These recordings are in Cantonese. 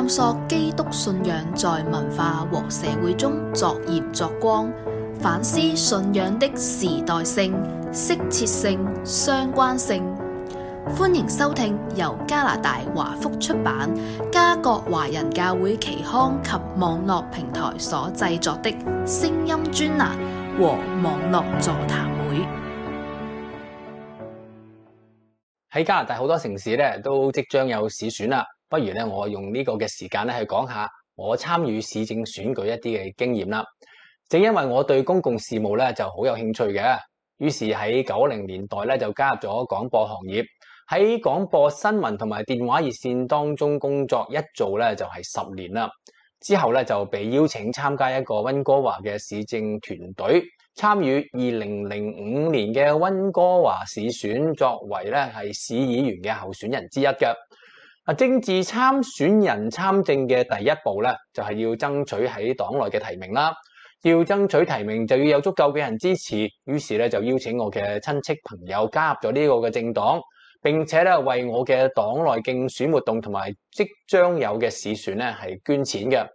探索基督信仰在文化和社會中作業作光，反思信仰的時代性、適切性、相關性。歡迎收聽由加拿大華福出版、加國華人教會期刊及網絡平台所製作的聲音專欄和網絡座談會。喺加拿大好多城市咧，都即將有市選啦。不如咧，我用呢個嘅時間咧去講下我參與市政選舉一啲嘅經驗啦。正因為我對公共事務咧就好有興趣嘅，於是喺九零年代咧就加入咗廣播行業，喺廣播新聞同埋電話熱線當中工作一做咧就係十年啦。之後咧就被邀請參加一個溫哥華嘅市政團隊，參與二零零五年嘅溫哥華市選，作為咧係市議員嘅候選人之一嘅。啊，政治參選人參政嘅第一步咧，就係要爭取喺黨內嘅提名啦。要爭取提名，就要有足夠嘅人支持。於是咧，就邀請我嘅親戚朋友加入咗呢個嘅政黨，並且咧為我嘅黨內競選活動同埋即將有嘅市選咧係捐錢嘅。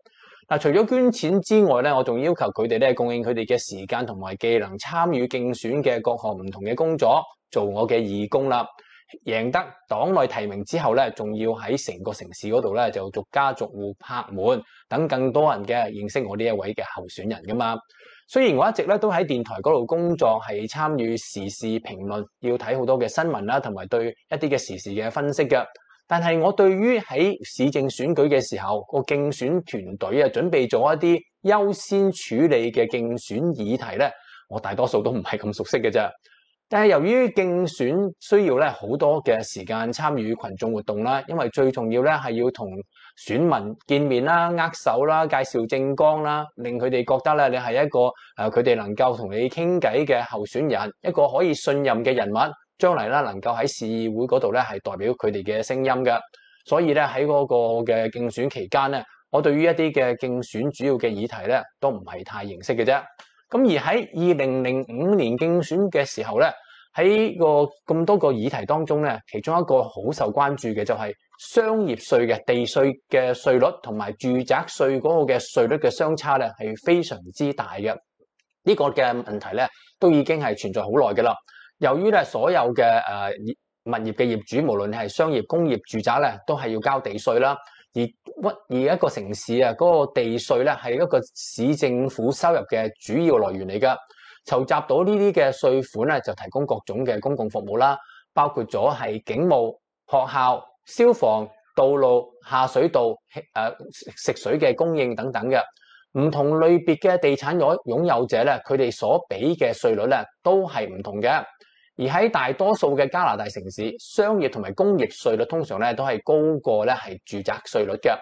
嗱，除咗捐錢之外咧，我仲要求佢哋咧供應佢哋嘅時間同埋技能，參與競選嘅各項唔同嘅工作，做我嘅義工啦。贏得黨內提名之後咧，仲要喺成個城市嗰度咧，就逐家逐戶拍門，等更多人嘅認識我呢一位嘅候選人㗎嘛。雖然我一直咧都喺電台嗰度工作，係參與時事評論，要睇好多嘅新聞啦，同埋對一啲嘅時事嘅分析嘅，但係我對於喺市政選舉嘅時候個競選團隊啊，準備做一啲優先處理嘅競選議題咧，我大多數都唔係咁熟悉嘅啫。但係由於競選需要咧好多嘅時間參與群眾活動啦，因為最重要咧係要同選民見面啦、握手啦、介紹政綱啦，令佢哋覺得咧你係一個誒佢哋能夠同你傾偈嘅候選人，一個可以信任嘅人物，將嚟咧能夠喺市議會嗰度咧係代表佢哋嘅聲音嘅。所以咧喺嗰個嘅競選期間咧，我對於一啲嘅競選主要嘅議題咧都唔係太認識嘅啫。咁而喺二零零五年競選嘅時候咧。喺、這個咁多個議題當中咧，其中一個好受關注嘅就係商業稅嘅地稅嘅稅率同埋住宅稅嗰個嘅稅率嘅相差咧係非常之大嘅。呢、這個嘅問題咧都已經係存在好耐㗎啦。由於咧所有嘅誒、呃、物業嘅業主，無論你係商業、工業、住宅咧，都係要交地稅啦。而屈而一個城市啊，嗰、那個地稅咧係一個市政府收入嘅主要來源嚟㗎。籌集到呢啲嘅稅款咧，就提供各種嘅公共服務啦，包括咗係警務、學校、消防、道路、下水道、誒食水嘅供應等等嘅。唔同類別嘅地產擁擁有者咧，佢哋所俾嘅稅率咧，都係唔同嘅。而喺大多數嘅加拿大城市，商業同埋工業稅率通常咧都係高過咧係住宅稅率嘅，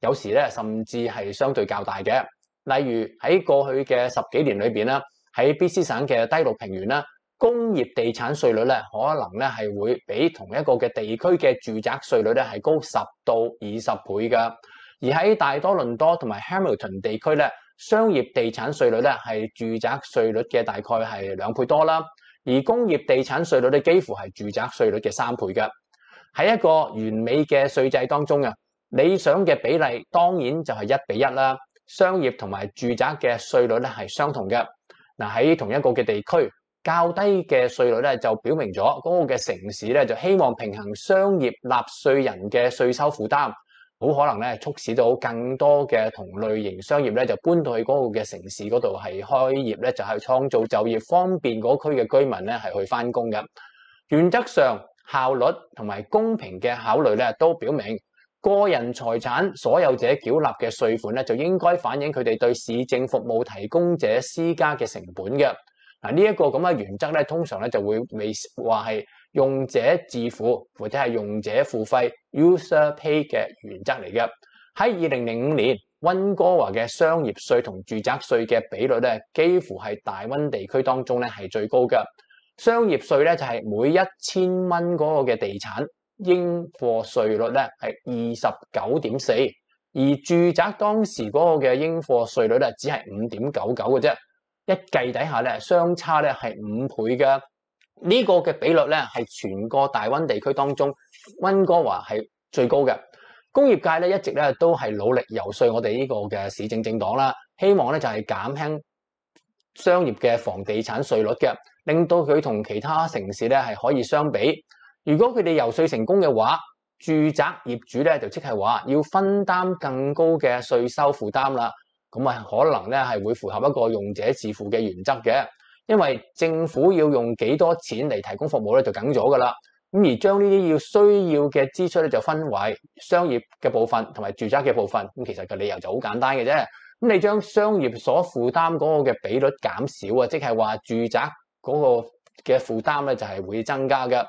有時咧甚至係相對較大嘅。例如喺過去嘅十幾年裏邊咧。喺 BC 省嘅低陸平原啦，工業地產稅率咧，可能咧係會比同一個嘅地區嘅住宅稅率咧係高十到二十倍㗎。而喺大多倫多同埋 Hamilton 地區咧，商業地產稅率咧係住宅稅率嘅大概係兩倍多啦。而工業地產稅率咧幾乎係住宅稅率嘅三倍嘅。喺一個完美嘅稅制當中啊，理想嘅比例當然就係一比一啦。商業同埋住宅嘅稅率咧係相同嘅。嗱，喺同一個嘅地區，較低嘅稅率咧，就表明咗嗰個嘅城市咧，就希望平衡商業納稅人嘅稅收負擔，好可能咧促使到更多嘅同類型商業咧就搬到去嗰個嘅城市嗰度係開業咧，就係創造就業方便嗰區嘅居民咧係去返工嘅。原則上，效率同埋公平嘅考慮咧，都表明。個人財產所有者繳納嘅稅款咧，就應該反映佢哋對市政服務提供者施加嘅成本嘅。嗱，呢一個咁嘅原則咧，通常咧就會未話係用者自負或者係用者付費 （user pay） 嘅原則嚟嘅。喺二零零五年，溫哥華嘅商業稅同住宅稅嘅比率咧，幾乎係大溫地區當中咧係最高嘅。商業稅咧就係每一千蚊嗰個嘅地產。應課稅率咧係二十九點四，而住宅當時嗰個嘅應課稅率咧只係五點九九嘅啫，一計底下咧相差咧係五倍嘅，呢個嘅比率咧係全個大溫地區當中，溫哥華係最高嘅。工業界咧一直咧都係努力游說我哋呢個嘅市政政黨啦，希望咧就係減輕商業嘅房地產稅率嘅，令到佢同其他城市咧係可以相比。如果佢哋游說成功嘅話，住宅業主咧就即係話要分擔更高嘅稅收負擔啦。咁啊，可能咧係會符合一個用者自負嘅原則嘅，因為政府要用幾多錢嚟提供服務咧就梗咗噶啦。咁而將呢啲要需要嘅支出咧就分為商業嘅部分同埋住宅嘅部分。咁其實個理由就好簡單嘅啫。咁你將商業所負擔嗰個嘅比率減少啊，即係話住宅嗰個嘅負擔咧就係會增加嘅。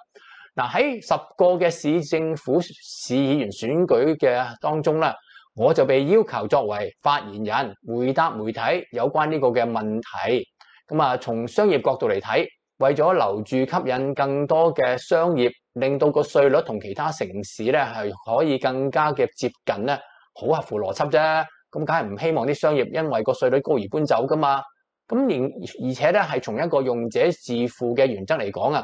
嗱、啊、喺十個嘅市政府市議員選舉嘅當中咧，我就被要求作為發言人回答媒體有關呢個嘅問題。咁、嗯、啊，從商業角度嚟睇，為咗留住吸引更多嘅商業，令到個稅率同其他城市咧係可以更加嘅接近咧，好合乎邏輯啫。咁梗係唔希望啲商業因為個稅率高而搬走噶嘛。咁、嗯、而而且咧係從一個用者自付嘅原則嚟講啊。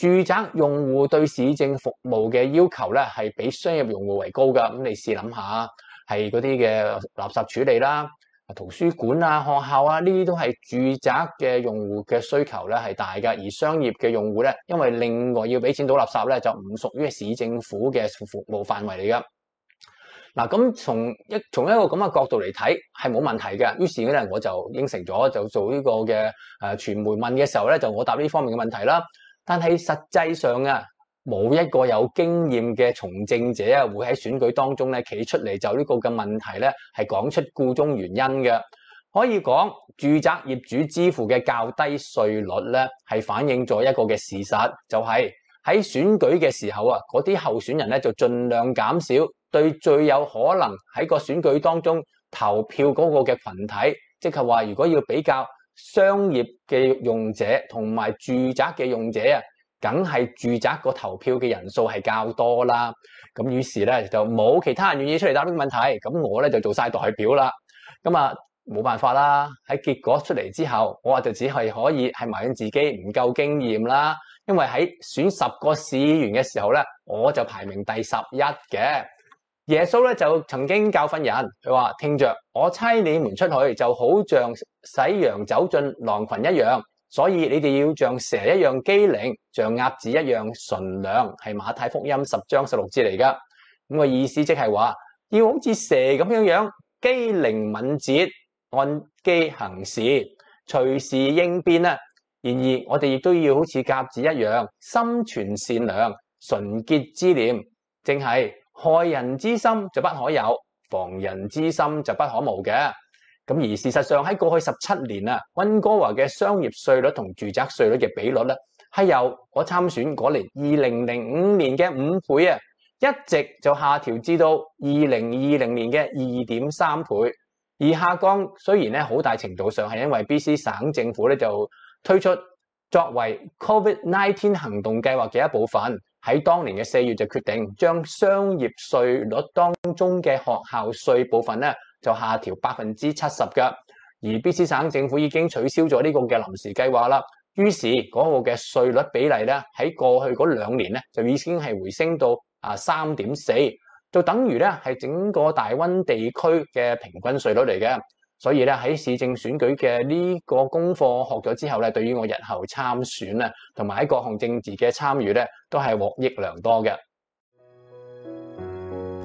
住宅用戶對市政服務嘅要求咧，係比商業用戶為高噶。咁你試諗下，係嗰啲嘅垃圾處理啦、圖書館啊、學校啊，呢啲都係住宅嘅用戶嘅需求咧係大噶。而商業嘅用戶咧，因為另外要俾錢倒垃圾咧，就唔屬於市政府嘅服務範圍嚟噶。嗱，咁從一從一個咁嘅角度嚟睇，係冇問題嘅。於是咧，我就應承咗，就做呢個嘅誒傳媒問嘅時候咧，就我答呢方面嘅問題啦。但係實際上啊，冇一個有經驗嘅從政者啊，會喺選舉當中呢企出嚟就呢個嘅問題呢，係講出故中原因嘅。可以講，住宅業主支付嘅較低稅率呢，係反映咗一個嘅事實，就係喺選舉嘅時候啊，嗰啲候選人呢，就盡量減少對最有可能喺個選舉當中投票嗰個嘅群體，即係話如果要比較。商業嘅用者同埋住宅嘅用者啊，梗係住宅個投票嘅人數係較多啦。咁於是咧就冇其他人願意出嚟答呢個問題，咁我咧就做晒代表啦。咁啊冇辦法啦。喺結果出嚟之後，我話就只係可以係埋怨自己唔夠經驗啦。因為喺選十個市議員嘅時候咧，我就排名第十一嘅。耶穌咧就曾經教訓人，佢話聽着，我差你們出去，就好像使羊走進狼群一樣，所以你哋要像蛇一樣機靈，像鴿子一樣純良，係馬太福音十章十六節嚟㗎。咁、那個意思即係話，要好似蛇咁樣樣機靈敏捷，按機行事，隨時應變啊。然而我哋亦都要好似鴿子一樣，心存善良，純潔之念，正係，害人之心就不可有，防人之心就不可無嘅。咁而事實上喺過去十七年啊，溫哥華嘅商業稅率同住宅稅率嘅比率咧，係由我參選嗰年二零零五年嘅五倍啊，一直就下調至到二零二零年嘅二點三倍。而下降雖然咧好大程度上係因為 BC 省政府咧就推出作為 COVID nineteen 行動計劃嘅一部分。喺當年嘅四月就決定將商業稅率當中嘅學校稅部分咧，就下調百分之七十㗎。而 BC 省政府已經取消咗呢個嘅臨時計劃啦。於是嗰個嘅稅率比例咧，喺過去嗰兩年咧就已經係回升到啊三點四，就等於咧係整個大溫地區嘅平均稅率嚟嘅。所以咧，喺市政選舉嘅呢個功課學咗之後咧，對於我日後參選呀，同埋喺各項政治嘅參與咧，都係獲益良多嘅。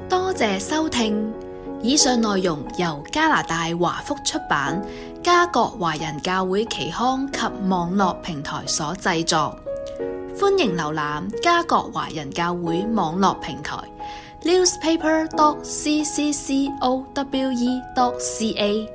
多謝收聽，以上內容由加拿大華福出版加國華人教會期刊及網絡平台所製作，歡迎瀏覽加國華人教會網絡平台 newspaper dot c c c o w e dot c a。